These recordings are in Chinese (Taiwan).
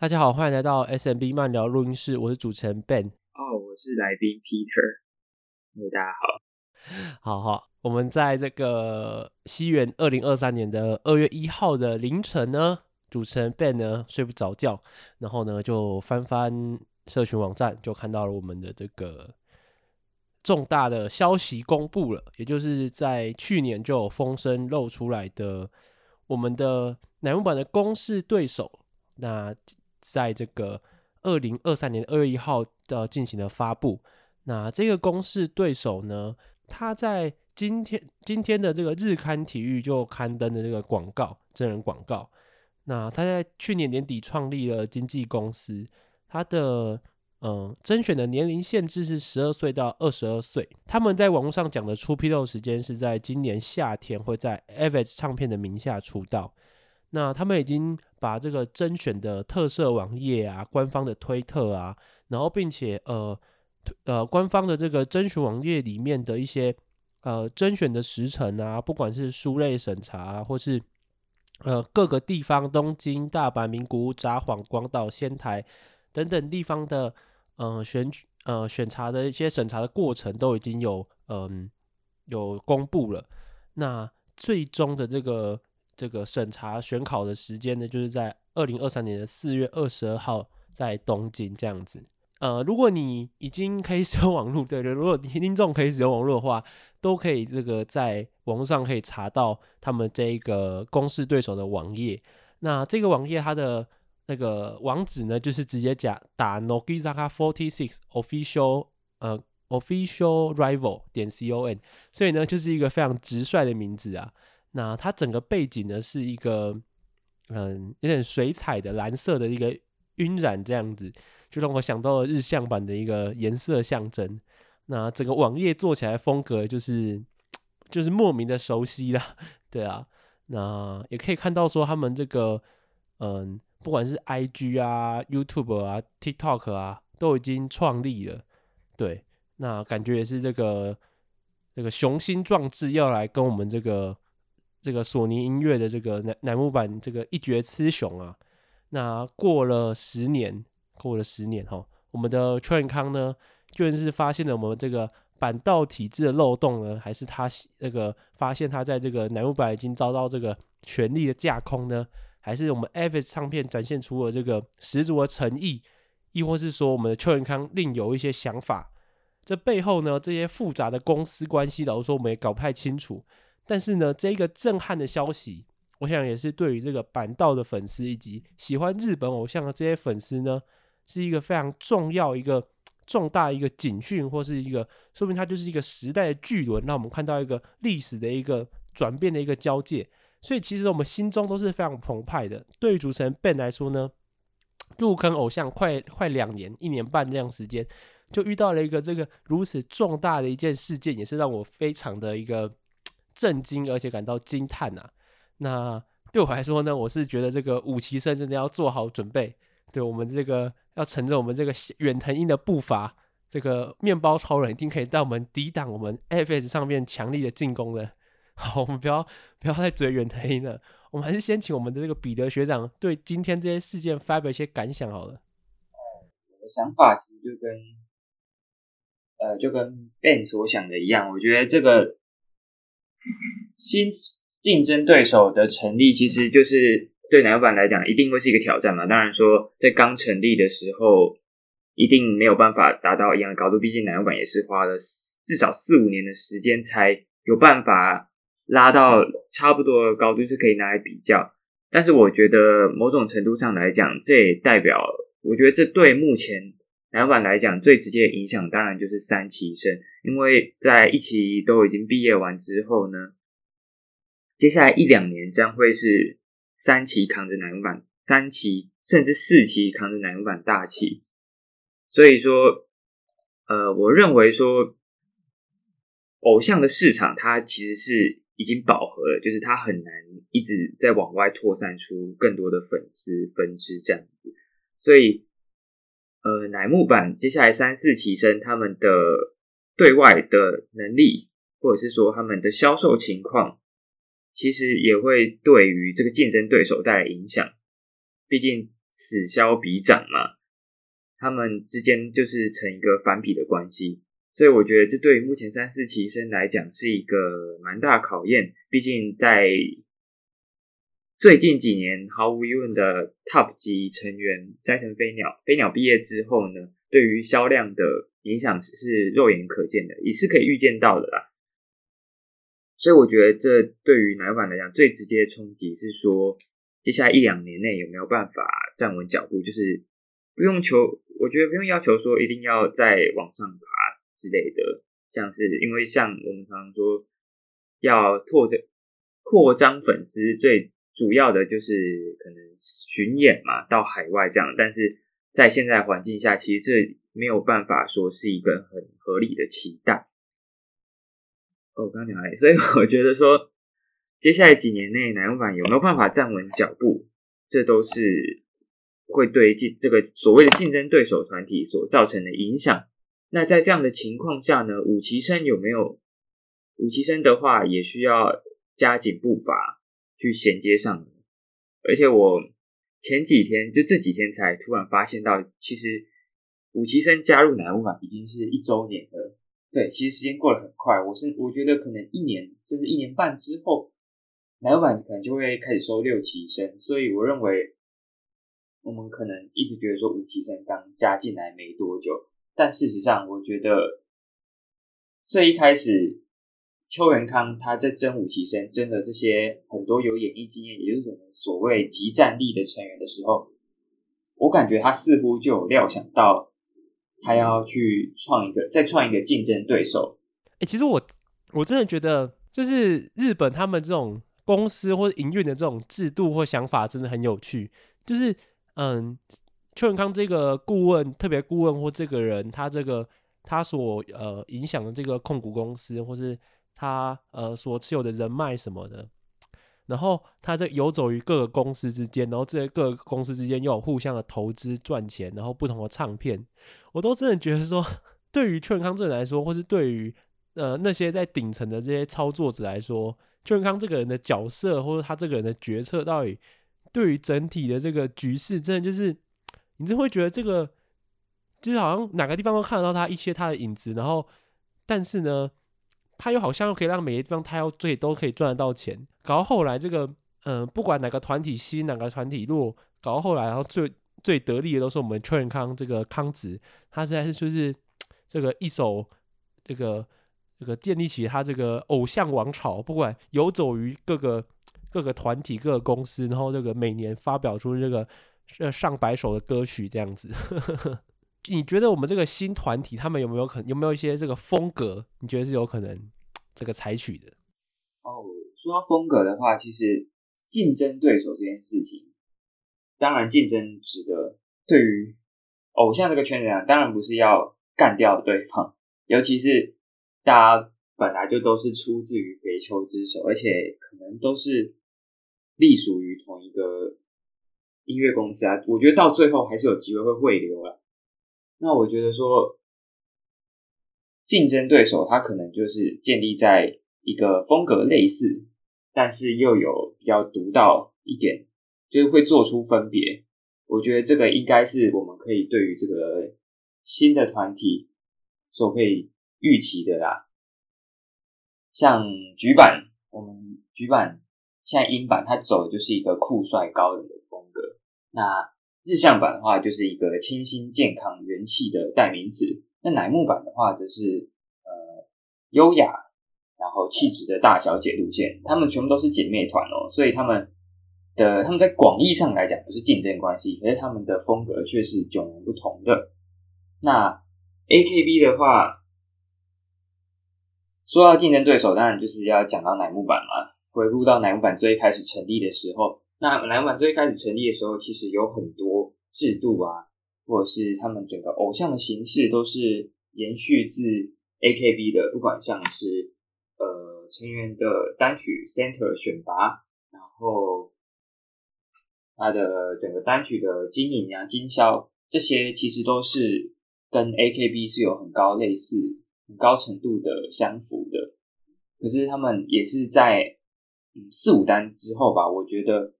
大家好，歡迎來到 S M B 漫聊錄音室，我是主持人 Ben。哦，oh, 我是來賓 Peter。大家好。好好，我們在這個西元二零二三年的二月一號的凌晨呢，主持人 Ben 呢睡不着覺，然後呢就翻翻社群網站，就看到了我們的這個重大的消息公布了，也就是在去年就有風聲露出來的我們的南灣版的公式對手那。在這個二零二三年二月一號的進行了發布，那這個公式對手呢，他在今天今天的這個日刊體育就刊登的這個廣告，真人廣告。那他在去年年底創立了經紀公司，他的嗯、甄、呃、選的年齡限制是十二歲到二十二歲。他們在網絡上講的出披露時間是在今年夏天會在 AVEX 唱片的名下出道。那他們已經。把這個甄選的特色網頁啊，官方的推特啊，然後並且呃呃官方的這個甄選網頁裡面的一些呃甄選的時程啊，不管是書類審查啊，或是呃各個地方，東京、大阪、名古屋、札幌、廣島、仙台等等地方的呃選舉呃審查的一些審查的過程都已經有嗯、呃、有公布了，那最終的這個。這個審查選考的時間呢，就是在二零二三年的四月二十二號，在東京這樣子。呃，如果你已經可以使用網絡，對對，如果聽眾可以使用網絡的話，都可以這個在網絡上可以查到他們這一個公式對手的網頁。那這個網頁它的那個網址呢，就是直接講打 nogizaka forty six official 呃 official rival 點 com，所以呢，就是一個非常直率的名字啊。那它整個背景呢，是一個，嗯，有點水彩的藍色的一個暈染，這樣子就讓我想到了日向坂的一個顏色象徵。那整個網頁做起來的風格就是，就是莫名的熟悉啦，對啊。那也可以看到說他們這個，嗯，不管是 IG 啊、YouTube 啊、TikTok 啊，都已經創立了，對。那感覺也是這個，這個雄心壯志要來跟我們這個。這個索尼音樂的這個乃乃木坂這個一決雌雄啊，那過了十年，過了十年哈，我們的秋元康呢，究竟是發現了我們這個坂道體制的漏洞呢，還是他那個發現他在這個乃木坂已經遭到這個權力的架空呢？還是我們 avex 唱片展現出了這個十足的誠意，亦或是說我們的秋元康另有一些想法？這背後呢，這些複雜的公司關係，老實說，我們也搞不太清楚。但是呢，這一個震撼的消息，我想也是對於這個坂道的粉絲以及喜歡日本偶像的這些粉絲呢，是一個非常重要一個重大一個警訊，或是一個說明，它就是一個時代的巨輪，讓我們看到一個歷史的一個轉變的一個交界。所以其實我們心中都是非常澎湃的。對於主持人 Ben 來說呢，入坑偶像快快兩年、一年半這樣時間，就遇到了一個這個如此重大的一件事件，也是讓我非常的一個。震驚，而且感到驚嘆吶、啊！那對我來說呢？我是覺得這個五期生真的要做好準備，對我們這個要乘着我們這個遠藤櫻的步伐，這個麵包超人一定可以帶我們抵擋我們 F S 上面強力的進攻的。好，我們不要不要再追遠藤櫻了，我們還是先請我們的這個彼得學長對今天這些事件發表一些感想好了。呃、我的想法其實就跟，呃，就跟 Ben 所想的一樣，我覺得這個。嗯新競爭對手的成立，其實就是對乃木坂來講，一定會是一個挑戰嘛。當然說，在剛成立的時候，一定沒有辦法達到一樣的高度。畢竟乃木坂也是花了至少四五年的時間，才有辦法拉到差不多的高度，是可以拿來比較。但是我覺得，某種程度上來講，這也代表，我覺得這對目前。乃木坂來講，最直接的影響當然就是三期生，因為在一期都已經畢業完之後呢，接下來一兩年將會是三期扛着乃木坂，三期甚至四期扛着乃木坂大旗。所以說，呃，我認為說，偶像的市場它其實是已經飽和了，就是它很難一直在往外擴散出更多的粉絲分支這樣子，所以。呃，乃木坂，接下來三四期生他們的對外的能力，或者是說他們的銷售情況，其實也會對於這個競爭對手帶來影響。畢竟此消彼長嘛，他們之間就是成一個反比的關係。所以我覺得，這對於目前三四期生來講是一個蠻大考驗。畢竟在最近幾年，毫無疑問的 TOP 級成員齋藤飛鳥，飛鳥畢業之後呢，對於銷量的影響是肉眼可見的，也是可以預見到的啦。所以我覺得這對於奶粉來講，最直接衝擊是說，接下來一兩年內有沒有辦法站穩腳步，就是不用求，我覺得不用要求說一定要再往上爬之類的，像是因為像我們常常說要拓展擴張粉絲最。主要的就是可能巡演嘛，到海外這樣，但是在現在環境下，其實這沒有辦法說是一個很合理的期待。哦，我剛剛講，所以我覺得說，接下來幾年內，乃木坂有沒有辦法站穩腳步，這都是會對競這個所謂的競爭對手團體所造成的影響。那在這樣的情況下呢，武其生有沒有？武其生的話，也需要加緊步伐。去銜接上的，而且我前幾天就這幾天才突然發現到，其實五期生加入乃木坂已經是一周年了。對，其實時間過得很快，我是我覺得可能一年甚至、就是、一年半之後，乃木坂可能就會開始收六期生，所以我認為我們可能一直覺得說五期生剛加進來沒多久，但事實上我覺得最一開始。秋元康他在徵五期生真的這些很多有演藝經驗，也就是所謂即戰力的成員的時候，我感覺他似乎就有料想到他要去創一個再創一個競爭對手。哎、欸，其實我我真的覺得，就是日本他們這種公司或者營運的這種制度或想法真的很有趣。就是嗯，秋元康這個顧問、特別顧問或這個人，他這個他所呃影響的這個控股公司或是。他呃所持有的人脈什麼的，然後他在遊走於各個公司之間，然後這些各個公司之間又有互相的投資賺錢，然後不同的唱片，我都真的覺得說，對於秋元康這人來說，或是對於呃那些在頂層的這些操作者來說，秋元康這個人的角色，或者他這個人的決策，到底對於整體的這個局勢，真的就是你真會覺得這個就是好像哪個地方都看得到他一些他的影子，然後但是呢？他又好像又可以讓每一地方他要最都可以賺得到錢，搞到後來這個，嗯、呃、不管哪個團體興，哪個團體落，搞到後來，然後最最得力的都是我們秋元康這個康子，他實在是就是這個一手這個這個建立起他這個偶像王朝，不管遊走於各個各個團體、各個公司，然後這個每年發表出這個呃上百首的歌曲這樣子。 你覺得我們這個新團體，他們有沒有可能有沒有一些這個風格？你覺得是有可能這個採取的？哦，說到風格的話，其實競爭對手這件事情，當然競爭值得。對於偶、哦、像這個圈子來講，當然不是要幹掉的對方，尤其是大家本來就都是出自於肥秋之手，而且可能都是隸屬於同一個音樂公司啊。我覺得到最後還是有機會會匯流啊。那我覺得說，競爭對手他可能就是建立在一個風格類似，但是又有比較獨到一點，就是會做出分別。我覺得這個應該是我們可以對於這個新的團體所可以預期的啦。像櫸坂，我們櫸坂像櫻坂，他走的就是一個酷帥高冷的風格。那。日向坂的話就是一個清新、健康、元氣的代名詞，那乃木坂的話則、就是呃優雅，然後氣質的大小姐路線。她們全部都是姐妹團哦，所以她們的她們在廣義上來講不是競爭關係，可是她們的風格卻是迥然不同的。那 AKB 的話，說到競爭對手，當然就是要講到乃木坂嘛。回顧到乃木坂最開始成立的時候。那乃木坂最開始成立的時候，其實有很多制度啊，或者是他們整個偶像的形式都是延續自 A K B 的，不管像是呃成員的單曲 center 選拔，然後他的整個單曲的經營啊、經銷這些，其實都是跟 A K B 是有很高類似、很高程度的相符的。可是他們也是在、嗯、四五單之後吧，我覺得。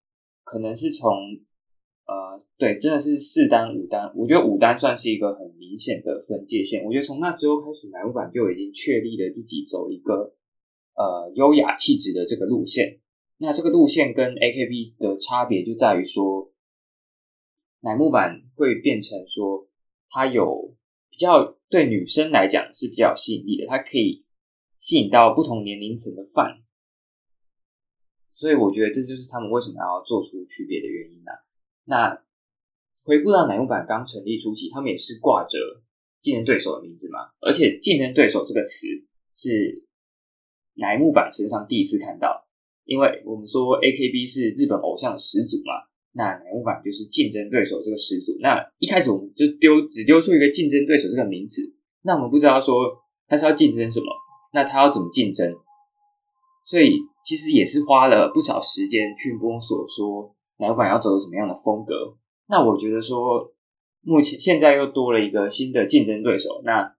可能是從，呃，對，真的是四單五單，我覺得五單算是一個很明顯的分界線。我覺得從那之後開始，乃木坂就已經確立了自己走一個，呃，優雅氣質的這個路線。那這個路線跟 AKB 的差別就在於說，乃木坂會變成說，它有比較對女生來講是比較吸引力的，它可以吸引到不同年齡層的飯。所以我覺得這就是他們為什麼要做出區別的原因啊。那回顧到乃木坂剛成立初期，他們也是掛着競爭對手的名字嘛。而且“競爭對手”這個詞是乃木坂身上第一次看到，因為我們說 AKB 是日本偶像的始祖嘛，那乃木坂就是競爭對手這個始祖。那一開始我們就丟，只丟出一個“競爭對手”這個名詞，那我們不知道說他是要競爭什麼，那他要怎麼競爭？所以。其實也是花了不少時間去摸索說乃木坂要走什麼樣的風格。那我覺得說目前現在又多了一個新的競爭對手，那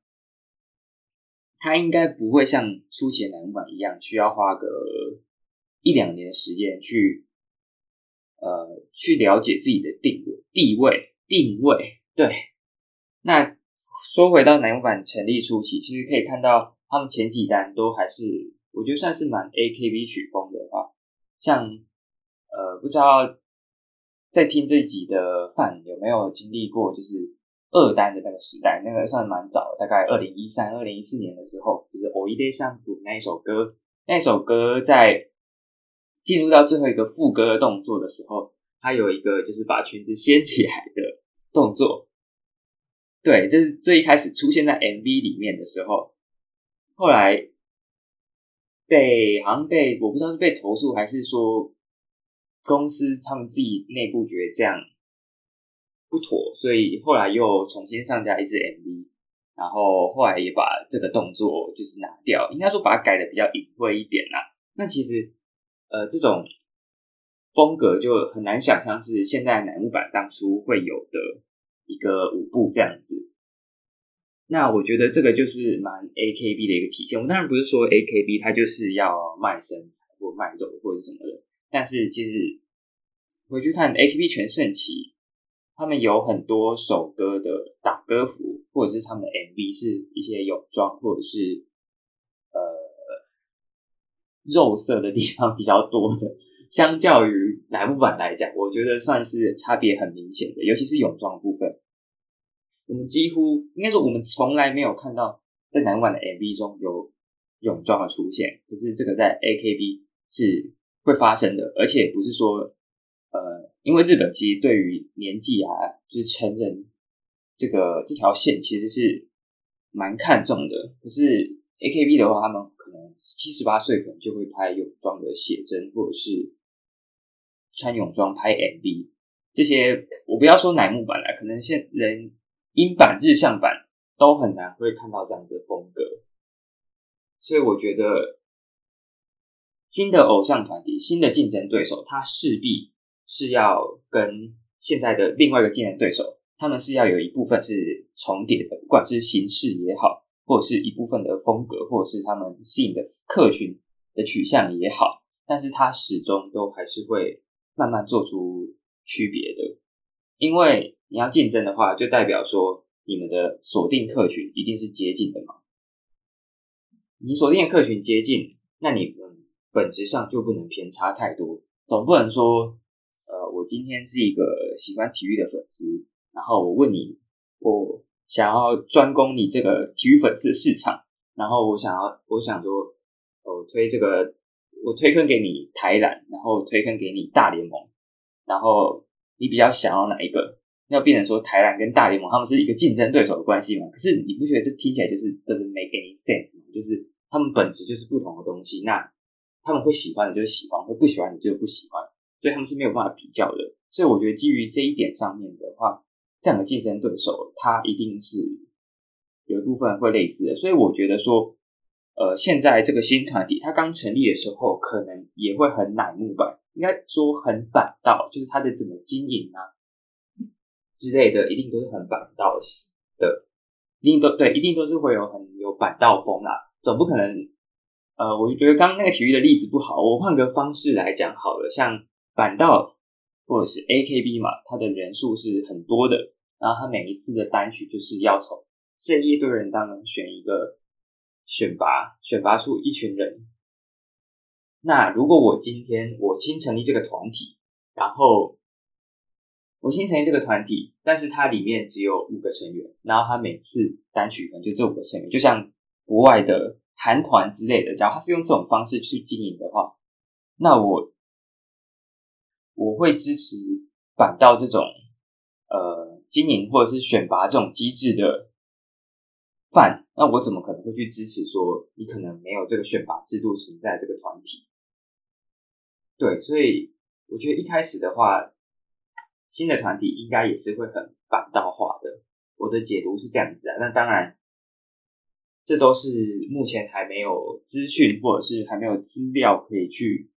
他應該不會像初期乃木坂一樣需要花個一兩年的時間去呃去了解自己的定位、定位、定位。對。那說回到乃木坂成立初期，其實可以看到他們前幾單都還是。我覺得算是蠻 AKB 曲風的話，像呃不知道在聽這集的飯有沒有經歷過，就是二單的那個時代，那個算蠻早的，大概二零一三、二零一四年的時候，就是《おいでシャンプー》那一首歌，那一首歌在進入到最後一個副歌的動作的時候，它有一個就是把裙子掀起來的動作，對，就是最一開始出現在 MV 裡面的時候，後來。被好像被我不知道是被投訴還是說公司他們自己內部覺得這樣不妥，所以後來又重新上架一支 MV，然後後來也把這個動作就是拿掉，應該說把它改得比較隱晦一點啦。那其實呃這種風格就很難想象是現在乃木坂當初會有的一個舞步這樣子。那我覺得這個就是蠻 AKB 的一個體現。我當然不是說 AKB 它就是要賣身材或賣肉或者什麼的，但是其實回去看 AKB 全盛期，他們有很多首歌的打歌服或者是他們的 MV 是一些泳裝或者是呃肉色的地方比較多的，相較於乃木坂來講，我覺得算是差別很明顯的，尤其是泳裝部分。我們幾乎應該說，我們從來沒有看到在乃木坂的 MV 中有泳裝的出現。可是這個在 AKB 是會發生的，而且不是說呃，因為日本其實對於年紀啊，就是成人這個這條線其實是蠻看重的。可是 AKB 的話，他們可能七十八歲可能就會拍泳裝的寫真，或者是穿泳裝拍 MV。這些我不要說乃木坂了、啊，可能現人。英版、日向版都很難會看到這樣的風格，所以我覺得新的偶像團體、新的競爭對手，他勢必是要跟現在的另外一個競爭對手，他們是要有一部分是重疊的，不管是形式也好，或是一部分的風格，或者是他們吸引的客群的取向也好，但是他始終都還是會慢慢做出區別的，因為。你要競爭的話，就代表說你們的鎖定客群一定是接近的嘛。你鎖定的客群接近，那你嗯，本質上就不能偏差太多。總不能說，呃，我今天是一個喜歡體育的粉絲，然後我問你，我想要專攻你這個體育粉絲的市場，然後我想要，我想說，我推這個，我推坑給你台籃，然後推坑給你大聯盟，然後你比較想要哪一個？要變成說，台南跟大聯盟他們是一個競爭對手的關係嘛？可是你不覺得這聽起來就是 Doesn't、就是、make any sense 嗎？就是他們本質就是不同的東西，那他們會喜歡的就是喜歡，會不喜歡的就是不喜歡，所以他們是沒有辦法比較的。所以我覺得基於這一點上面的話，這樣的競爭對手他一定是有一部分會類似的。所以我覺得說，呃，現在這個新團體他剛成立的時候，可能也會很乃木坂，應該說很坂道，就是他的怎麼經營啊？之類的一定都是很坂道的，一定都對，一定都是會有很有坂道風啊，總不可能。呃，我就覺得剛剛那個體育的例子不好，我換個方式來講好了。像坂道或者是 AKB 嘛，它的人數是很多的，然後它每一次的單曲就是要從這一堆人當中選一個選拔，選拔出一群人。那如果我今天我新成立這個團體，然後。我新成立這個團體，但是它裡面只有五個成員，然後他每次單曲可能就這五個成員，就像國外的韓團之類的。假如他是用這種方式去經營的話，那我我會支持反倒這種呃經營或者是選拔這種機制的飯，那我怎麼可能會去支持說你可能沒有這個選拔制度存在這個團體？對，所以我覺得一開始的話。新的團體應該也是會很坂道化的，我的解讀是這樣子啊。那當然，這都是目前還沒有資訊或者是還沒有資料可以去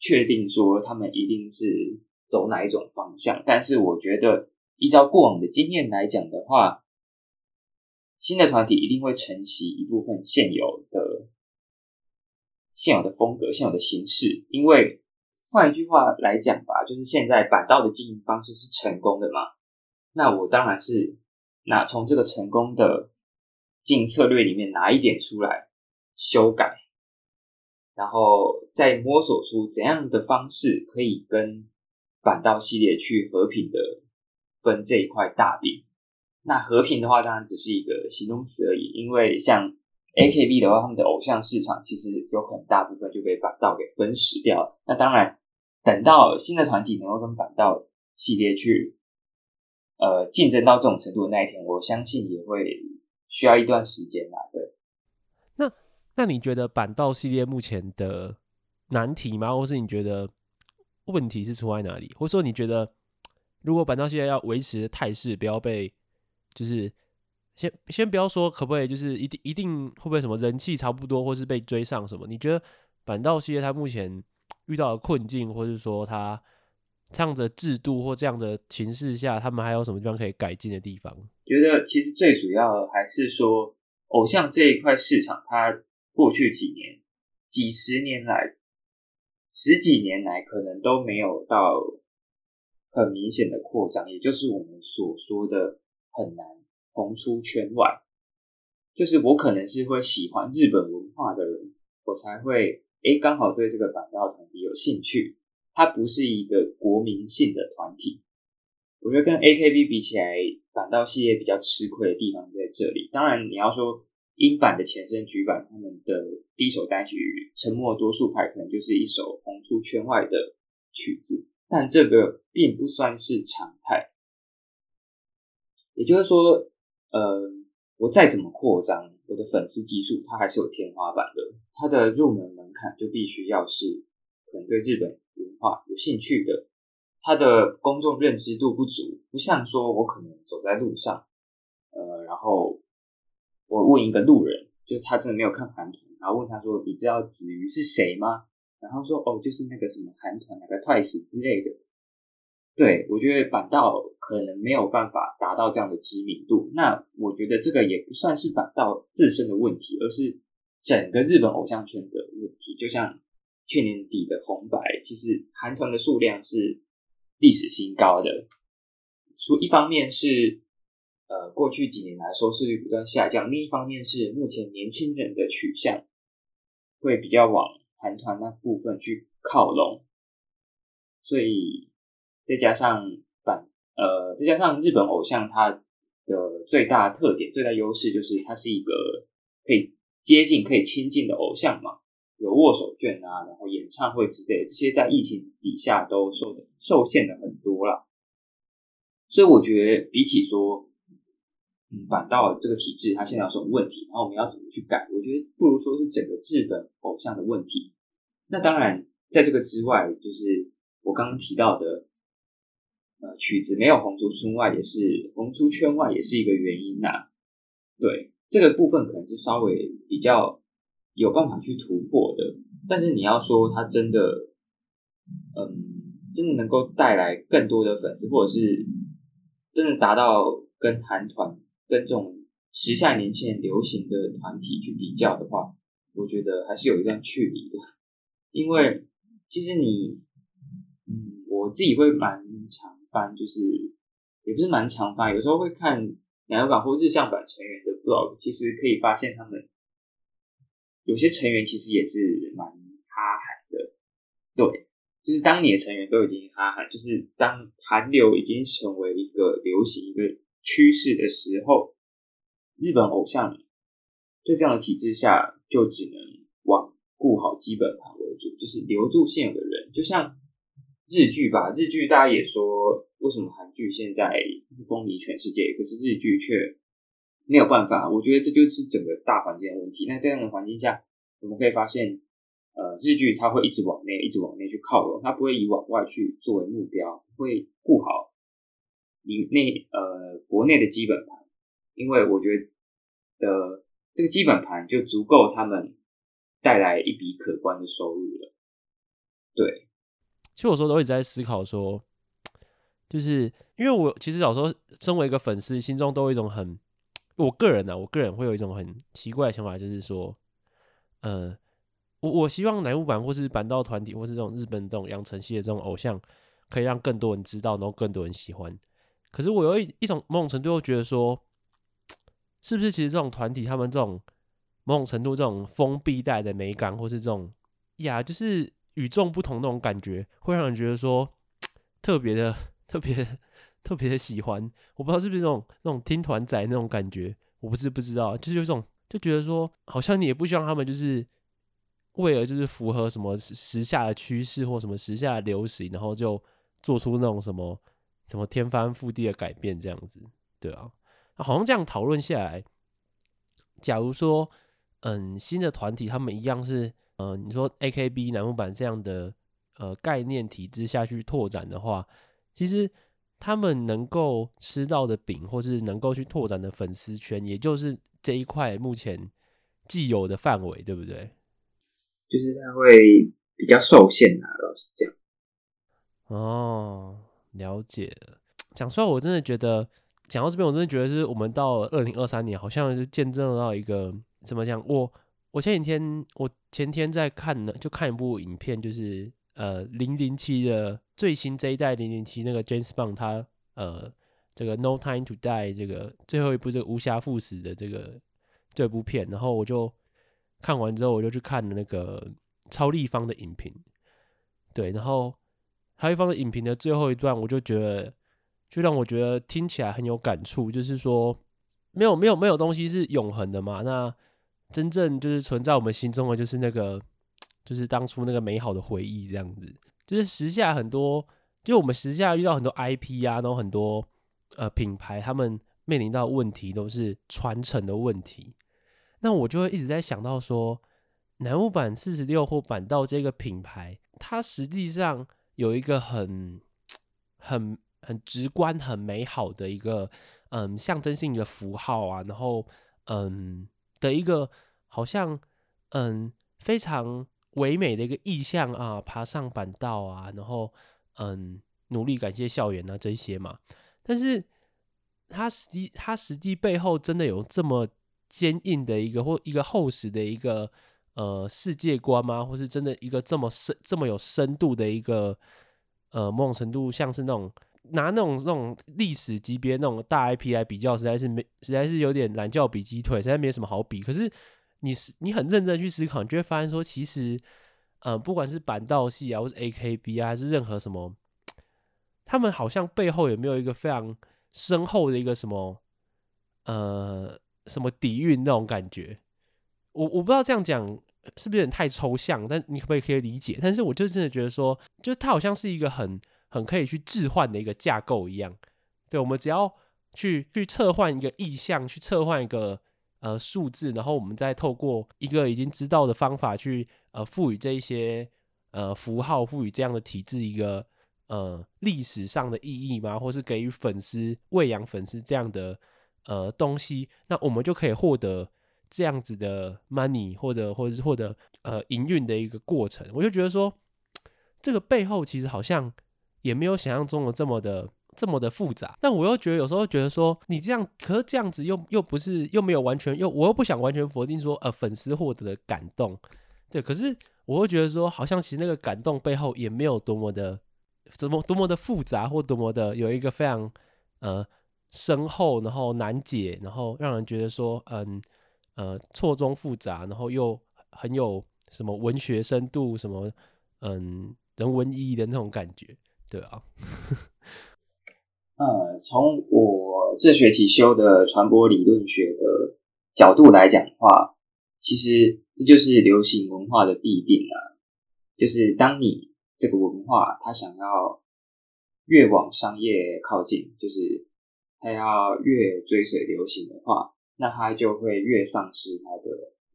確定說他們一定是走哪一種方向。但是我覺得，依照過往的經驗來講的話，新的團體一定會承襲一部分現有的、現有的風格、現有的形式，因為。換一句話來講吧，就是現在坂道的經營方式是成功的嘛，那我當然是那從這個成功的經營策略裡面拿一點出來修改，然後再摸索出怎樣的方式可以跟坂道系列去和平的分這一塊大餅。那和平的話，當然只是一個形容詞而已，因為像 AKB 的話，他們的偶像市場其實有很大部分就被坂道給分食掉了。那當然。等到新的團體能夠跟坂道系列去，呃，競爭到這種程度的那一天，我相信也會需要一段時間吧。對，那那你覺得坂道系列目前的難題嗎？或是你覺得問題是出在哪裡？或者說你覺得如果坂道系列要維持的態勢，不要被就是先先不要說可不可以，就是一定一定會不會什麼人氣差不多，或是被追上什麼？你覺得坂道系列它目前？遇到困境，或者說他這樣的制度或這樣的情勢下，他們還有什麼地方可以改進的地方？覺得其實最主要的還是說，偶像這一塊市場，它過去幾年、幾十年來、十幾年來，可能都沒有到很明顯的擴張，也就是我們所說的很難紅出圈外。就是我可能是會喜歡日本文化的人，我才會。誒，剛好對這個坂道團體有興趣，它不是一個國民性的團體。我覺得跟 AKB 比起來，坂道系列比較吃虧的地方在這裡。當然，你要說櫻坂的前身櫸坂，他們的第一首單曲《沉默多數派》可能就是一首紅出圈外的曲子，但這個並不算是常態。也就是說，呃。我再怎麼擴張，我的粉絲基數它還是有天花板的。它的入門門檻就必須要是可能對日本文化有興趣的，它的公眾認知度不足。不像說我可能走在路上，呃，然後我問一個路人，就是他真的沒有看韓團，然後問他說：“你知道子瑜是誰嗎？”然後說：“哦，就是那個什麼韓團，那個 twice 之類的。”對，我覺得坂道可能沒有辦法達到這樣的知名度。那我覺得這個也不算是坂道自身的問題，而是整個日本偶像圈的問題。就像去年底的紅白，其實韓團的數量是歷史新高的。所以一方面是呃過去幾年來收視率不斷下降，另一方面是目前年輕人的取向會比較往韓團那部分去靠攏，所以。再加上反，呃，再加上日本偶像他的最大特點、最大優勢，就是它是一個可以接近、可以親近的偶像嘛，有握手券啊，然後演唱會之類的，這些在疫情底下都受受限了很多啦。所以我覺得比起說，反倒這個體制它現在有什麼問題，然後我們要怎麼去改？我覺得不如說是整個日本偶像的問題。那當然，在這個之外，就是我剛剛提到的。呃，曲子沒有紅出圈外，也是紅出圈外，也是一個原因吶、啊。對，這個部分，可能是稍微比較有辦法去突破的。但是你要說他真的，嗯，真的能夠帶來更多的粉絲，或者是真的達到跟韓團跟這種時下年輕人流行的團體去比較的話，我覺得還是有一段距離的。因為其實你，嗯，我自己會蠻常。翻就是也不是蠻常翻，有時候會看男流版或日向版成員的 blog，其實可以發現他們有些成員其實也是蠻哈韓的。對，就是當你的成員都已經哈韓，就是當韓流已經成為一個流行一個趨勢的時候，日本偶像在這樣的體制下就只能往顧好基本盤為主，就是留住現有的人，就像。日劇吧，日劇大家也說，為什麼韓劇現在風靡全世界，可是日劇卻沒有辦法。我覺得這就是整個大環境的問題。那這樣的環境下，我們可以發現，呃，日劇它會一直往內、一直往內去靠攏，它不會以往外去作為目標，會顧好你內呃國內的基本盤，因為我覺得的、呃、這個基本盤就足夠他們帶來一筆可觀的收入了，對。其實我說都一直在思考說，說就是因為我其實小時候身為一個粉絲，心中都有一種很……我個人呢、啊，我個人會有一種很奇怪的想法，就是說，呃，我我希望乃木坂或是坂道團體或是這種日本的這種養成系的這種偶像，可以讓更多人知道，然後更多人喜歡。可是我有一一種某種程度會覺得說，是不是其實這種團體他們這種某種程度這種封閉帶的美感，或是這種呀，就是。與眾不同的那種感覺，會讓人覺得說特別的、特別、特別的喜歡。我不知道是不是那種那種聽團仔那種感覺，我不是不知道，就是有一種就覺得說，好像你也不希望他們就是為了就是符合什麼時下的趨勢或什麼時下的流行，然後就做出那種什麼什麼天翻覆地的改變這樣子，對啊。好像這樣討論下來，假如說，嗯，新的團體他們一樣是。呃，你說 AKB、乃木坂這樣的呃概念體制下去拓展的話，其實他們能夠吃到的餅，或是能夠去拓展的粉絲圈，也就是這一塊目前既有的範圍，對不對？就是他會比較受限啊，老實講。哦，了解了。講出來我真的覺得，講到這邊，我真的覺得是我們到二零二三年，好像是見證了到一個，怎麼講，我。我前幾天，我前天在看呢，就看一部影片，就是呃《零零七》的最新這一代《零零七》，那個 James Bond，他呃這個《No Time to Die》這個最後一部這個無暇赴死的這個這部片，然後我就看完之後，我就去看了那個超立方的影評，對，然後超立方的影評的最後一段，我就覺得就讓我覺得聽起來很有感觸，就是說沒有沒有沒有東西是永恆的嘛，那。真正就是存在我們心中的，就是那個，就是當初那個美好的回憶，這樣子。就是時下很多，就我們時下遇到很多 IP 啊，然後很多呃品牌，他們面臨到問題都是傳承的問題。那我就會一直在想到說，乃木坂46或坂道這個品牌，它實際上有一個很、很、很直觀、很美好的一個嗯象徵性的符號啊，然後嗯。的一個好像，嗯，非常唯美的一個意象啊，爬上坂道啊，然後嗯，努力感謝校園啊，這些嘛。但是，他實際他實際背後真的有這麼堅硬的一個或一個厚實的一個呃世界觀嗎？或是真的一個這麼深這麼有深度的一個呃某種程度像是那種。拿那種那種歷史級別那種大 IP 來比較，實在是沒，實在是有點懶叫比雞腿，實在沒什麼好比。可是你是，你很認真去思考，你就會發現說，其實，嗯、呃，不管是坂道系啊，或是 AKB 啊，還是任何什麼，他們好像背後有沒有一個非常深厚的一個什麼，呃，什麼底蘊那種感覺？我我不知道這樣講是不是有點太抽象，但你可不可以可以理解？但是我就真的覺得說，就是他好像是一個很。很可以去置換的一個架構一樣，對，我們只要去去撤換一個意象，去撤換一個呃數字，然後我們再透過一個已經知道的方法去呃賦予這一些呃符號，賦予這樣的體制一個呃歷史上的意義嘛，或是給予粉絲餵養粉絲這樣的呃東西，那我們就可以獲得這樣子的 money 或者或者是獲得呃營運的一個過程。我就覺得說，這個背後其實好像。也沒有想象中的這麼的這麼的複雜，但我又覺得有時候覺得說你這樣，可是這樣子又又不是又沒有完全又我又不想完全否定說呃粉絲獲得的感動，對，可是我又覺得說好像其實那個感動背後也沒有多麼的怎麼多麼的複雜或多麼的有一個非常呃深厚然後難解然後讓人覺得說嗯呃錯綜複雜然後又很有什麼文學深度什麼嗯人文意義的那種感覺。對啊，呃、嗯，從我這學期修的傳播理論學的角度來講的話，其實這就是流行文化的弊病啊，就是當你這個文化它想要越往商業靠近，就是它要越追隨流行的話，那它就會越喪失它的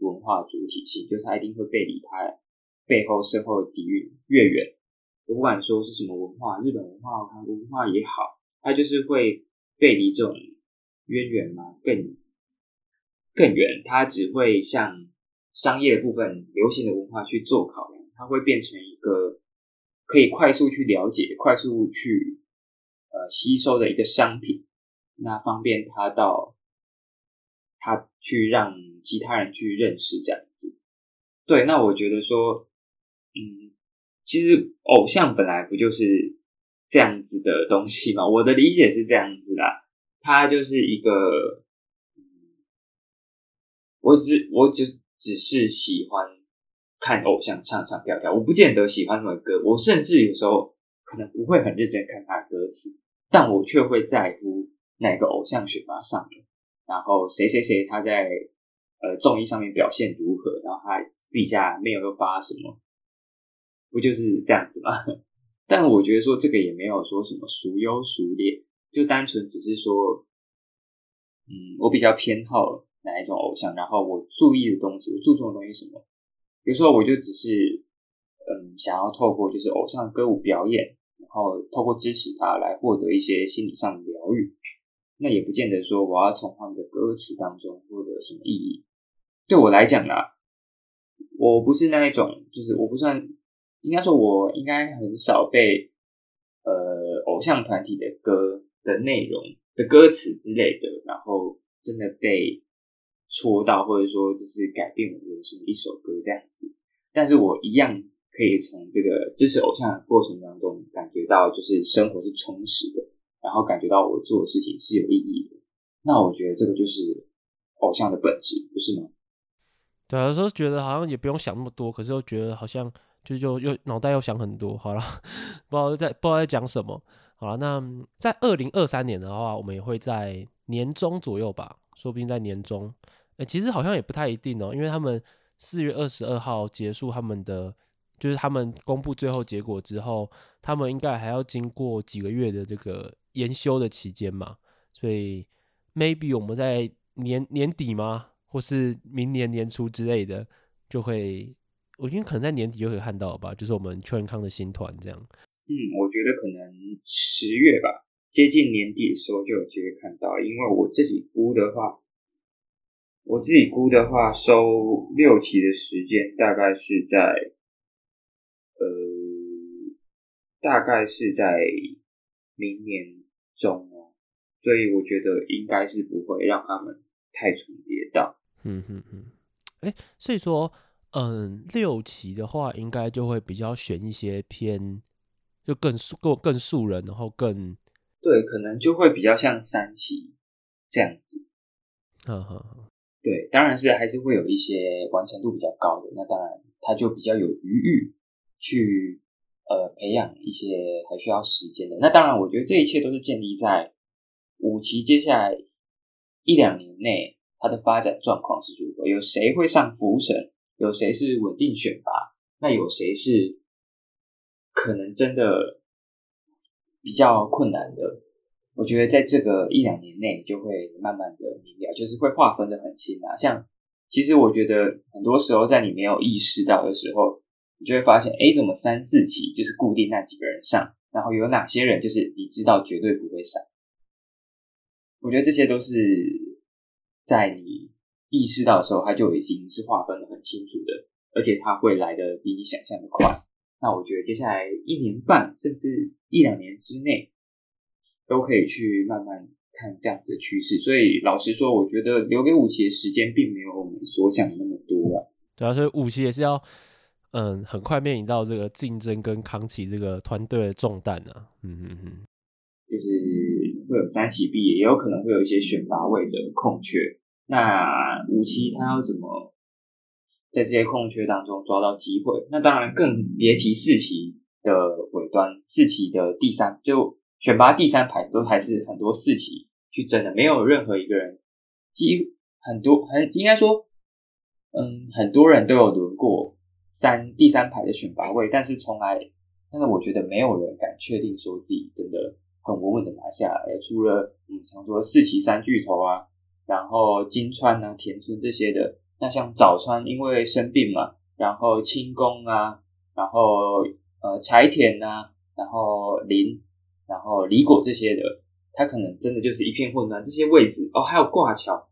文化主體性，就是它一定會被離開，背後深厚的底蘊越遠。我不管說是什麼文化，日本文化、韓國文化也好，它就是會背離這種淵源嘛，更更遠。它只會向商業部分、流行的文化去做考量，它會變成一個可以快速去了解、快速去、呃、吸收的一個商品，那方便他到他去讓其他人去認識這樣子。對，那我覺得說，嗯。其實偶像本來不就是這樣子的東西嘛，我的理解是這樣子的，他就是一個，嗯、我只我只只是喜歡看偶像唱唱跳跳，我不見得喜歡什麼歌，我甚至有時候可能不會很認真看他的歌詞，但我卻會在乎哪個偶像選拔上了，然後誰誰誰他在呃綜藝上面表現如何，然後他底下沒有發什麼，不就是這樣子嗎？但我覺得說這個也沒有說什麼孰優孰劣，就單純只是說，嗯，我比較偏好哪一種偶像，然後我注意的東西，我注重的東西什麼？比如說，我就只是嗯，想要透過就是偶像歌舞表演，然後透過支持他來獲得一些心理上的療癒，那也不見得說我要從他們的歌詞當中獲得什麼意義。對我來講呢、啊，我不是那一種，就是我不算。應該說，我應該很少被呃偶像團體的歌的內容的歌詞之類的，然後真的被戳到，或者說就是改變我人生的一首歌這樣子。但是我一樣可以從這個支持偶像的過程當中感覺到，就是生活是充實的，然後感覺到我做的事情是有意義的。那我覺得這個就是偶像的本質，不是嗎？對，有時候覺得好像也不用想那麼多，可是又覺得好像。就就又腦袋又想很多，好了，不知道在不知道在講什麼，好了，那在二零二三年的話，我們也會在年中左右吧，說不定在年中。哎、欸，其實好像也不太一定哦、喔，因為他們四月二十二號結束他們的，就是他們公布最後結果之後，他們應該還要經過幾個月的這個研修的期間嘛，所以 maybe 我們在年年底嗎，或是明年年初之類的，就會。我覺得可能在年底就可以看到了吧，就是我們秋元康的新團這樣。嗯，我覺得可能十月吧，接近年底的時候就有機會看到。因為我自己估的話，我自己估的話收六期的時間大概是在，呃，大概是在明年中哦、喔。所以我覺得應該是不會讓他們太重疊到。嗯哼哼，哎、嗯嗯欸，所以說。嗯，六期的話，應該就會比較選一些偏就更素、更更素人，然後更對，可能就會比較像三期這樣子。嗯哼，好，對，當然是還是會有一些完成度比較高的，那當然他就比較有餘裕去呃培養一些還需要時間的。那當然，我覺得這一切都是建立在五期接下來一兩年內它的發展狀況是如何，有誰會上福神？有誰是穩定選拔？那有誰是可能真的比較困難的？我覺得在這個一兩年內就會慢慢的明了，就是會劃分的很清啊。像其實我覺得很多時候在你沒有意識到的時候，你就會發現，哎，怎麼三四期就是固定那幾個人上，然後有哪些人就是你知道絕對不會上。我覺得這些都是在你。意識到的時候，他就已經是劃分的很清楚的，而且他會來的比你想象的快。嗯、那我覺得接下來一年半甚至一兩年之內，都可以去慢慢看這樣子的趨勢。所以老實說，我覺得留給五期的時間並沒有我們所想的那麼多啊。嗯、對啊，所以五期也是要嗯很快面臨到這個競爭跟扛起這個團隊的重擔呢、啊。嗯嗯嗯，就是會有三期畢業，也有可能會有一些選拔位的空缺。那五期他要怎麼在這些空缺當中抓到機會？那當然更別提四期的尾端，四期的第三就選拔第三排都還是很多四期去爭的，沒有任何一個人，幾乎很多很，應該說，嗯，很多人都有輪過三第三排的選拔位，但是從來，但是我覺得沒有人敢確定說自己真的很穩穩的拿下來。除了我們常說四期三巨頭啊。然後金川啊，田村這些的，那像早川因為生病嘛，然後清宮啊，然後呃柴田吶、啊，然後林，然後璃果這些的，他可能真的就是一片混亂。這些位置哦，還有掛橋，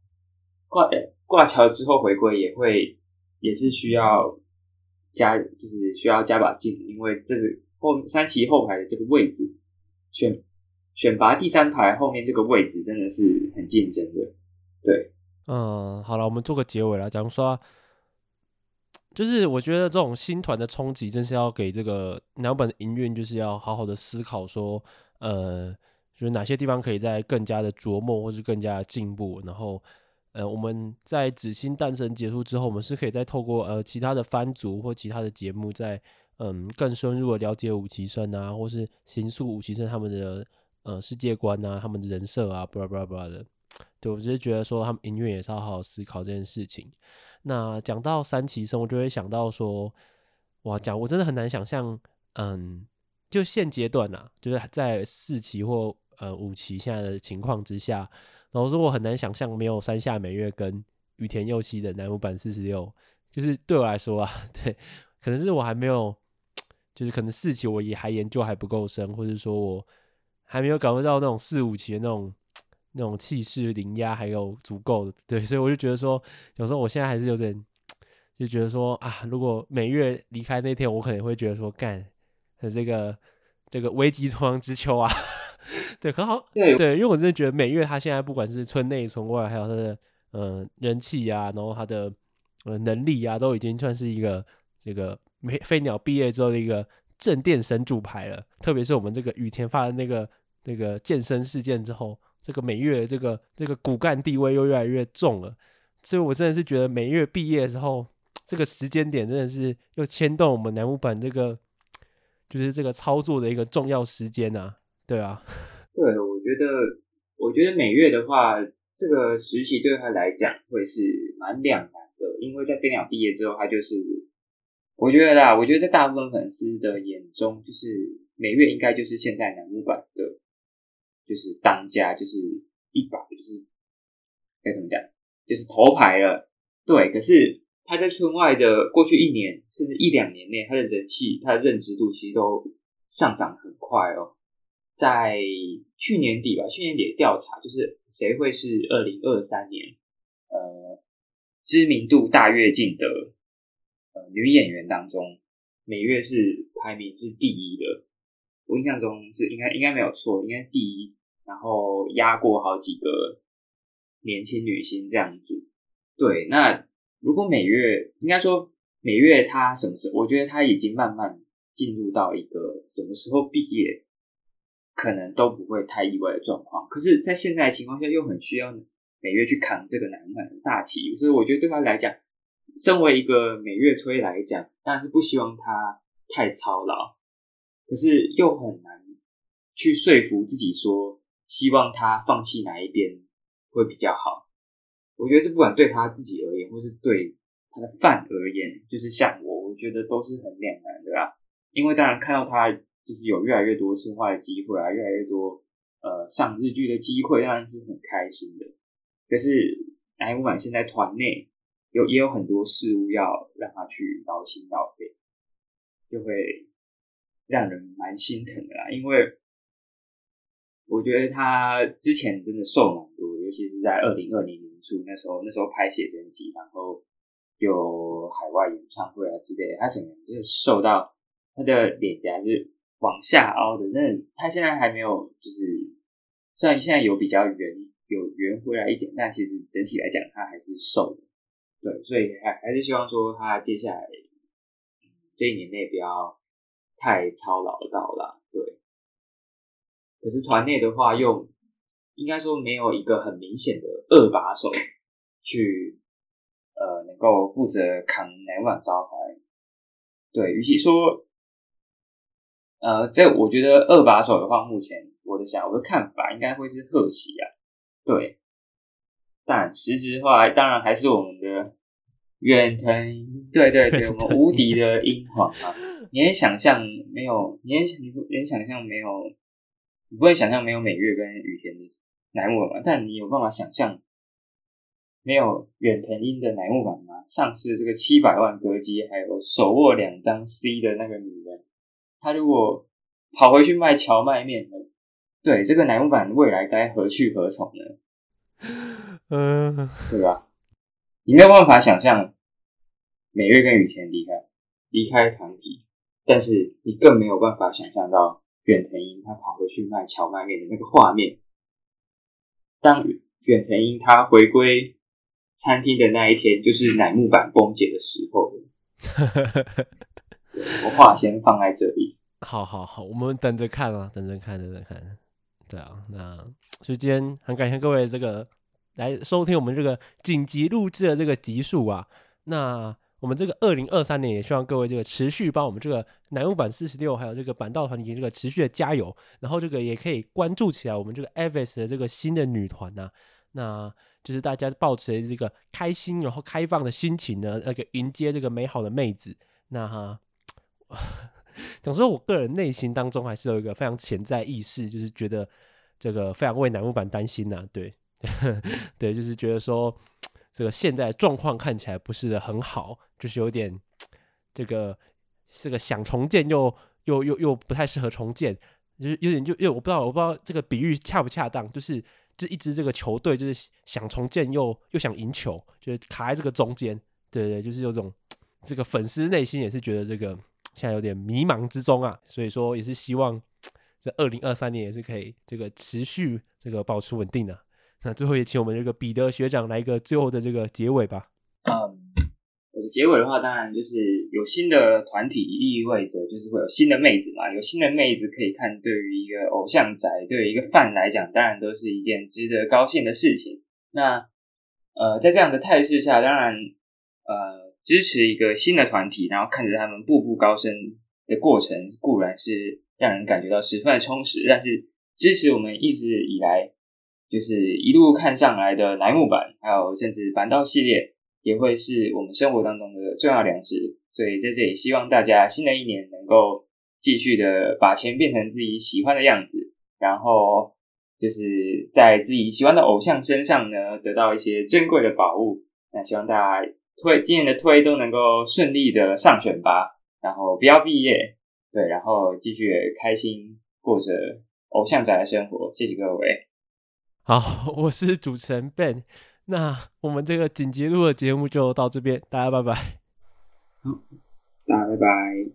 掛掛橋之後回歸也會也是需要加，就是需要加把勁，因為這個後三期後排的這個位置選選拔第三排後面這個位置真的是很競爭的。對，嗯，好了，我們做個結尾了。假如說，啊，就是我覺得這種新團的衝擊，真是要給這個兩本營運，就是要好好的思考說，呃，就是哪些地方可以再更加的琢磨，或是更加的進步。然後，呃，我們在《之星誕生》結束之後，我們是可以再透過呃其他的番組或其他的節目再，再，呃、嗯更深入的了解五期生啊，或是形塑五期生他們的呃世界觀啊，他們的人設啊，blah blah blah 的。對，我只是覺得說他們音樂也是要好好思考這件事情。那講到三期生，我就會想到說，哇，講我真的很難想象，嗯，就現階段啊，就是在四期或呃、嗯、五期現在的情況之下，然後說我很難想象沒有山下美月跟與田祐希的乃木坂46，就是對我來說啊，對，可能是我還沒有，就是可能四期我也還研究還不夠深，或者說我還沒有感受到那種四五期的那種。那種氣勢凌壓還有足夠的，對，所以我就覺得說，有時候我現在還是有點就覺得說，啊，如果美月離開那天，我可能會覺得說，幹，這個這個危急存亡之秋啊， 對，很好，對，因為我真的覺得美月他現在不管是村內村外，還有他的呃人氣啊，然後他的呃能力啊，都已經算是一個這個飛飛鳥畢業之後的一個鎮店神主牌了，特別是我們這個雨田發的那個那個健身事件之後。這個美月的這個這個骨幹地位又越來越重了，所以我真的是覺得美月畢業的時候，這個時間點真的是又牽動我們乃木坂這個，就是這個操作的一個重要時間啊，對啊。對，我覺得，我覺得美月的話，這個時期對他來講會是蠻兩難的，因為在飛鳥畢業之後，他就是，我覺得啦，我覺得在大部分粉絲的眼中，就是美月應該就是現在乃木坂的。就是當家，就是一把，就是該怎麼講，就是頭牌了。對，可是他在村外的過去一年甚至一兩年內，他的人氣、他的認知度其實都上漲很快哦。在去年底吧，去年底的調查就是誰會是二零二三年呃知名度大躍進的呃女演員當中，美月是排名是第一的。我印象中是應該應該沒有錯，應該第一，然後壓過好幾個年輕女星這樣子。對，那如果美月應該說美月她什麼時候，我覺得她已經慢慢進入到一個什麼時候畢業，可能都不會太意外的狀況。可是，在現在的情況下，又很需要美月去扛這個男團的大旗，所以我覺得對他來講，身為一個美月推來講，當然是不希望他太操勞。可是又很難去說服自己說，希望他放棄哪一邊會比較好。我覺得這不管對他自己而言，或是對他的飯而言，就是像我，我覺得都是很兩難，對吧？因為當然看到他就是有越來越多說話的機會啊，越來越多呃上日劇的機會，當然是很開心的。可是哎，不管現在團內有也有很多事物要讓他去勞心勞肺，就會。讓人蠻心疼的啦，因為我覺得他之前真的瘦蠻多，尤其是在二零二零年初那時候，那時候拍寫真集，然後有海外演唱會啊之類的，他整個人就是瘦到他的臉頰是往下凹的。那他現在還沒有，就是雖然現在有比較圓，有圓回來一點，但其實整體來講，他還是瘦的。對，所以還還是希望說他接下來這一年內不要。太操勞到了，對。可是團內的話，又應該說沒有一個很明顯的二把手去，呃，能夠負責扛兩萬招牌。對，與其說，呃，在我覺得二把手的話，目前我的想我的看法應該會是賀喜啊，對。但實質話，當然還是我們的遠藤，對，對對對，我們無敵的英皇啊。 你也想象沒有，你也你你想象沒有，你不會想象沒有美月跟雨田的乃木坂吧？但你有辦法想象沒有遠藤櫻的乃木坂嗎？上次這個七百萬歌姬還有手握兩張 C 的那個女人，她如果跑回去賣蕎麥麵了，對，這個乃木坂未來該何去何從呢？嗯，是吧？你沒有辦法想象美月跟雨田離開離開團體。但是你更沒有辦法想象到遠藤英他跑回去賣蕎麥麵的那個畫面。當遠藤英他回歸餐廳的那一天，就是乃木坂崩解的時候 我話先放在這裡。好好好，我們等着看啊，等着看，等着看。對啊、哦，那所以今天很感謝各位這個來收聽我們這個緊急錄製的這個集數啊。那我們這個二零二三年也希望各位這個持續幫我們這個乃木坂46還有這個坂道團體這個持續的加油，然後這個也可以關注起來我們這個 avex 的這個新的女團呐、啊，那就是大家抱持這個開心然後開放的心情呢，那個迎接這個美好的妹子。那，哈。總之我個人內心當中還是有一個非常潛在意識，就是覺得這個非常為乃木坂擔心吶、啊，對，對，就是覺得說。這個現在狀況看起來不是很好，就是有點這個這個想重建，又又又又不太適合重建，就是有點就因為我不知道我不知道這個比喻恰不恰當，就是就一支這個球隊就是想重建又又想贏球，就是卡在這個中間，對對，對，就是有種這個粉絲內心也是覺得這個現在有點迷茫之中啊，所以說也是希望這二零二三年也是可以這個持續這個保持穩定的啊。那最後也請我們這個彼得學長來一個最後的這個結尾吧。Um，嗯，我的結尾的話，當然就是有新的團體意味着就是會有新的妹子嘛，有新的妹子可以看。對於一個偶像宅，對於一個飯來講，當然都是一件值得高興的事情。那呃，在這樣的態勢下，當然呃支持一個新的團體，然後看着他們步步高升的過程，固然是讓人感覺到十分的充實。但是支持我們一直以來。就是一路看上來的乃木坂，還有甚至坂道系列，也會是我們生活當中的重要糧食。所以在這裡，希望大家新的一年能夠繼續的把錢變成自己喜歡的樣子，然後就是在自己喜歡的偶像身上呢，得到一些珍貴的寶物。那希望大家推今年的推都能夠順利的上選拔，然後不要畢業，對，然後繼續開心過着偶像宅的生活。謝謝各位。好，我是主持人 Ben。那我們這個緊急錄的節目就到這邊，大家拜拜。拜拜、嗯。Bye bye。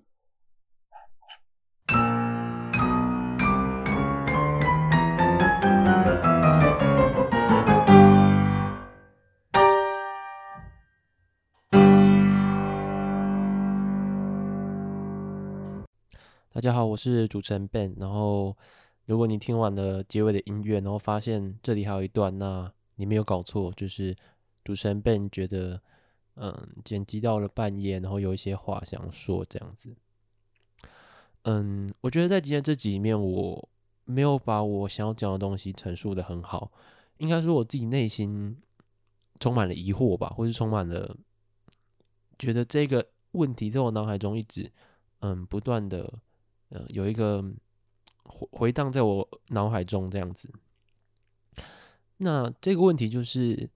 大家好，我是主持人 Ben，然後。如果你聽完了結尾的音樂，然後發現這裡還有一段，那你沒有搞錯，就是主持人 Ben 覺得，嗯，剪輯到了半夜，然後有一些話想說，這樣子。嗯，我覺得在今天這集裡面，我沒有把我想要講的東西陳述得很好，應該說我自己內心充滿了疑惑吧，或是充滿了覺得這個問題在我腦海中一直，嗯，不斷的，呃、嗯，有一個。回回蕩在我腦海中這樣子。那這個問題就是，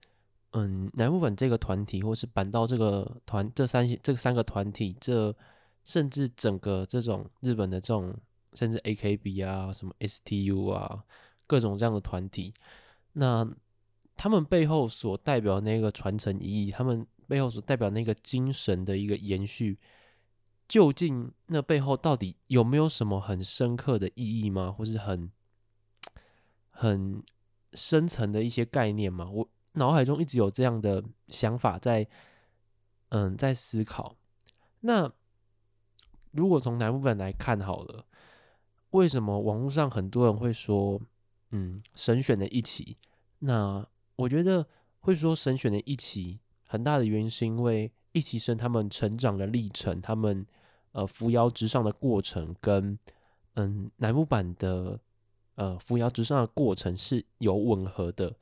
嗯，乃木坂這個團體，或是坂道這個團，這三這三個團體，這甚至整個這種日本的這種，甚至 A K B 啊，什麼 S T U 啊，各種這樣的團體，那他們背後所代表那個傳承意義，他們背後所代表那個精神的一個延續。究竟那背後到底有沒有什麼很深刻的意義嗎？或是很很深層的一些概念嗎？我腦海中一直有這樣的想法在，嗯，在思考。那如果從哪部分來看好了，為什麼網絡上很多人會說，嗯，神選的一期？那我覺得會說神選的一期，很大的原因是因為一期生他們成長的歷程，他們。呃，扶搖直上的過程跟嗯，乃木坂的呃，扶搖直上的過程是有吻合的，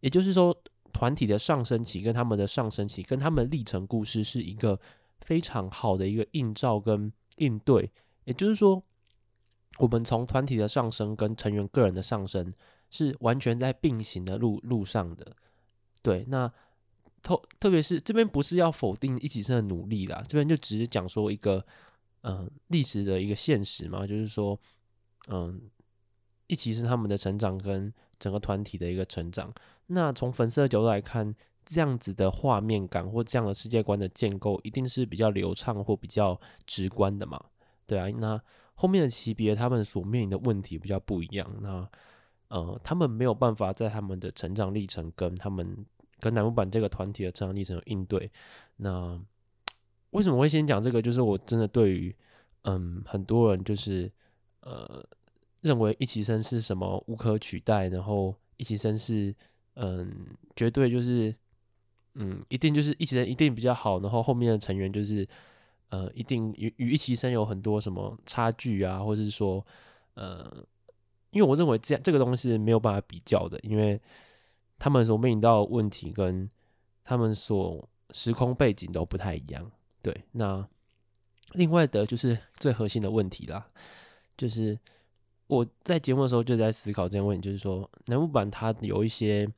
也就是說，團體的上升期跟他們的上升期跟他們的歷程故事是一個非常好的一個映照跟應對，也就是說，我們從團體的上升跟成員個人的上升是完全在並行的路路上的。對，那特特別是這邊不是要否定一己身的努力啦，這邊就只是講說一個。嗯，歷史的一個現實嘛，就是說，嗯，一期是他們的成長跟整個團體的一個成長。那從粉絲的角度來看，這樣子的畫面感或這樣的世界觀的建構，一定是比較流暢或比較直觀的嘛？對啊，那後面的級別他們所面臨的問題比較不一樣，那呃、嗯，他們沒有辦法在他們的成長歷程跟他們跟乃木坂這個團體的成長歷程有應對，那。為什麼會先講這個？就是我真的對於，嗯，很多人就是，呃，認為一期生是什麼無可取代，然後一期生是，嗯，絕對就是，嗯，一定就是一期生一定比較好，然後後面的成員就是，呃，一定與與一期生有很多什麼差距啊，或者是說，呃，因為我認為這樣這個東西沒有辦法比較的，因為他們所面臨到的問題跟他們所時空背景都不太一樣。對，那另外的就是最核心的問題啦，就是我在節目的時候就在思考這個問題，就是說乃木坂它，有一些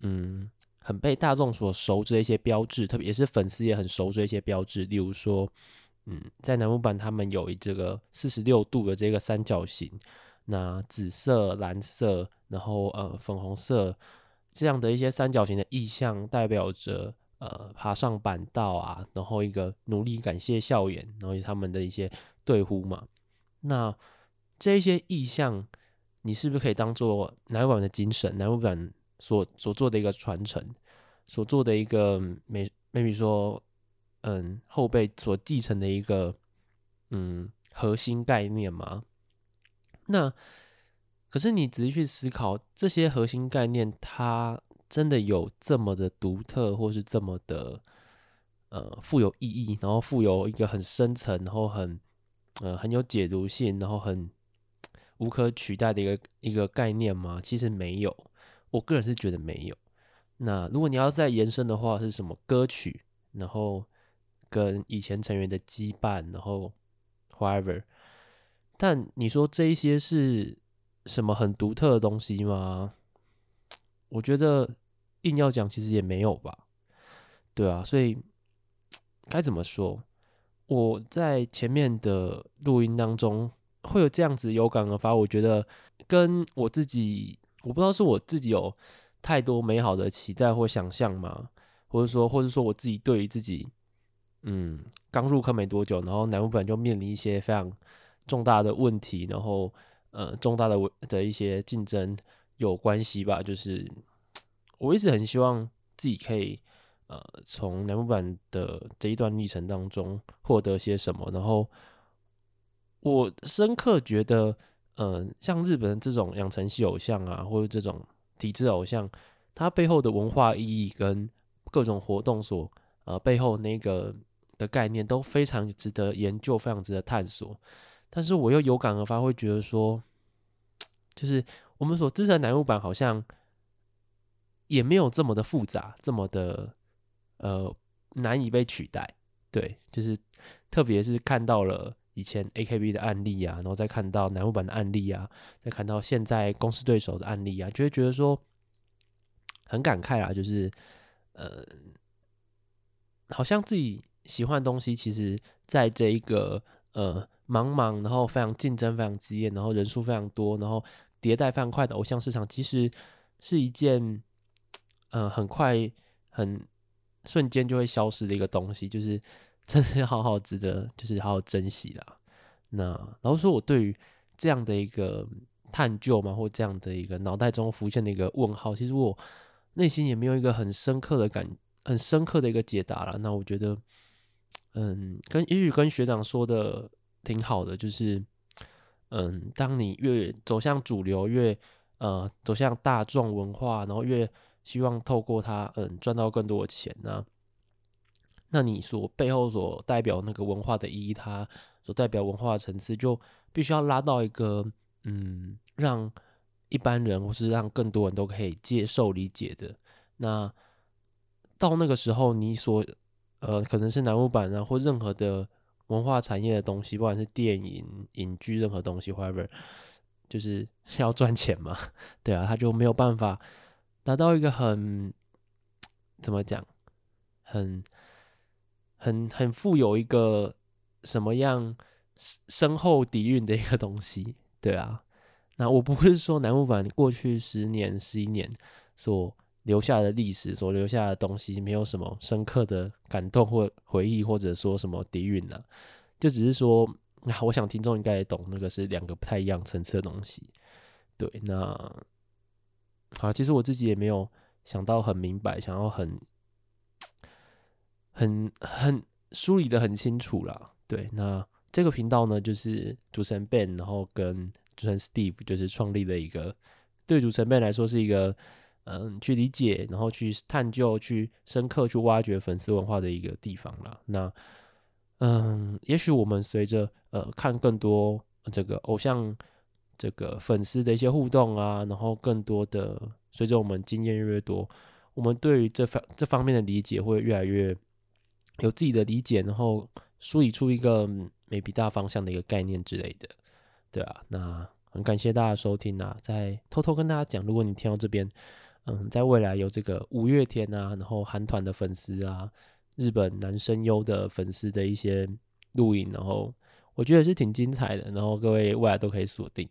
嗯，很被大眾所熟知的一些標誌，特別也是粉絲也很熟知的一些標誌，例如說嗯，在乃木坂他們有這個四十六度的這個三角形，那紫色、藍色，然後呃，粉紅色這樣的一些三角形的意象，代表着。呃，爬上坂道啊，然後一個努力感謝校園，然後他們的一些隊呼嘛，那這一些意象，你是不是可以當做乃木坂的精神，乃木坂所所做的一個傳承，所做的一個美，maybe 說，嗯，後輩所繼承的一個嗯核心概念嘛？那可是你仔細去思考這些核心概念，它。真的有這麼的獨特，或是這麼的呃富有意義，然後富有一個很深層，然後很呃很有解讀性，然後很無可取代的一個一個概念嗎？其實沒有，我個人是覺得沒有。那如果你要再延伸的話，是什麼歌曲？然後跟以前成員的羈絆，然後 whatever，但你說這一些是什麼很獨特的東西嗎？我覺得。硬要講，其實也沒有吧，對啊，所以該怎麼說？我在前面的錄音當中會有這樣子的有感而發，我覺得跟我自己，我不知道是我自己有太多美好的期待或想象嘛，或者說，或者說我自己對於自己，嗯，剛入坑沒多久，然後乃木本就面臨一些非常重大的問題，然後呃，重大的的的一些競爭有關係吧，就是。我一直很希望自己可以，呃，從乃木坂的這一段歷程當中獲得些什麼。然後我深刻覺得，嗯、呃，像日本的這種養成系偶像啊，或者這種體制偶像，它背後的文化意義跟各種活動所，呃，背後那個的概念都非常值得研究，非常值得探索。但是我又有感而發，會覺得說，就是我們所支持的乃木坂好像。也沒有這麼的複雜，這麼的呃難以被取代。對，就是特別是看到了以前 AKB 的案例啊，然後再看到乃木坂的案例啊，再看到現在公式對手的案例啊，就會覺得說很感慨啊，就是呃，好像自己喜歡的東西，其實在這一個呃茫茫然後非常競爭非常激烈，然後人數非常多，然後迭代非常快的偶像市場，其實是一件。嗯，很快，很瞬間就會消失的一個東西，就是真的好好值得，就是好好珍惜啦。那老實說我對於這樣的一個探究嘛，或這樣的一個腦袋中浮現的一個問號，其實我內心也沒有一個很深刻的感，很深刻的一個解答啦。那我覺得，嗯，跟也許跟學長說的挺好的，就是嗯，當你越走向主流，越呃走向大眾文化，然後越希望透過它，嗯，賺到更多的錢那、啊、那你所背後所代表那個文化的意義，它所代表文化層次，就必須要拉到一個，嗯，讓一般人或是讓更多人都可以接受理解的。那到那個時候，你所，呃，可能是乃木坂啊，或任何的文化產業的東西，不管是電影、影劇任何東西，或者就是要賺錢嘛。 對啊，他就沒有辦法。達到一個很，怎麼講，很，很很富有一個什麼樣深厚底蘊的一個東西，對啊。那我不是說乃木坂過去十年、十一年所留下的歷史、所留下的東西，沒有什麼深刻的感動或回憶，或者說什麼底蘊吶？就只是說，那、啊、我想聽眾應該也懂，那個是兩個不太一樣層次的東西。對，那。好，其實我自己也沒有想到很明白，想要很很很梳理得很清楚啦。對，那這個頻道呢，就是主持人 Ben，然後跟主持人 Steve 就是創立的一個，對主持人 Ben 來說是一個，嗯，去理解，然後去探究，去深刻去挖掘粉絲文化的一個地方啦。那，嗯，也許我們隨着呃看更多這個偶像。這個粉絲的一些互動啊，然後更多的隨着我們經驗越來越多，我們對於這方這方面的理解會越來越有自己的理解，然後梳理出一個嗯 maybe 大方向的一個概念之類的，對啊，那很感謝大家的收聽啦，啊，再偷偷跟大家講，如果你聽到這邊，嗯，在未來有這個五月天啊，然後韓團的粉絲啊，日本男聲優的粉絲的一些錄影，然後我覺得是挺精彩的，然後各位未來都可以鎖定。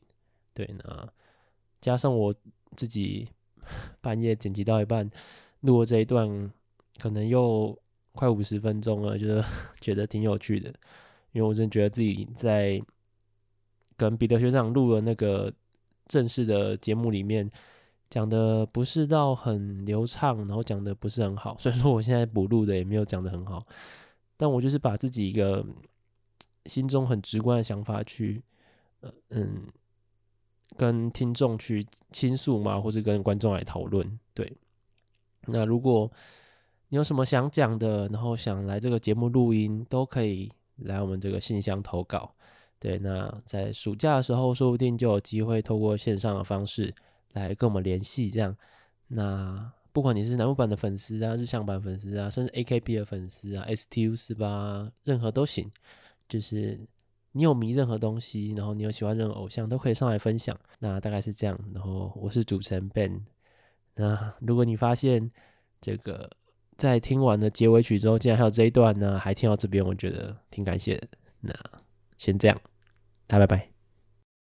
對呢，加上我自己半夜剪輯到一半，錄了這一段，可能又快五十分鐘了，就是覺得挺有趣的，因為我真的覺得自己在跟彼得學長錄的那個正式的節目裡面，講的不是到很流暢，然後講的不是很好，所以說我現在補錄的也沒有講的很好，但我就是把自己一個心中很直觀的想法去，呃嗯。跟聽眾去傾訴嘛，或是跟觀眾來討論。對，那如果你有什麼想講的，然後想來這個節目錄音，都可以來我們這個信箱投稿。對，那在暑假的時候，說不定就有機會透過線上的方式來跟我們聯繫。這樣，那不管你是乃木坂的粉絲啊，日向坂的粉絲啊，甚至 AKB 的粉絲啊，STU 四八，18, 任何都行，就是。你有迷任何東西，然後你有喜歡任何偶像，都可以上來分享。那大概是這樣。然後我是主持人 Ben。那如果你發現這個在聽完了結尾曲之後，竟然還有這一段呢，還聽到這邊，我覺得挺感謝的。那先這樣，大家拜拜。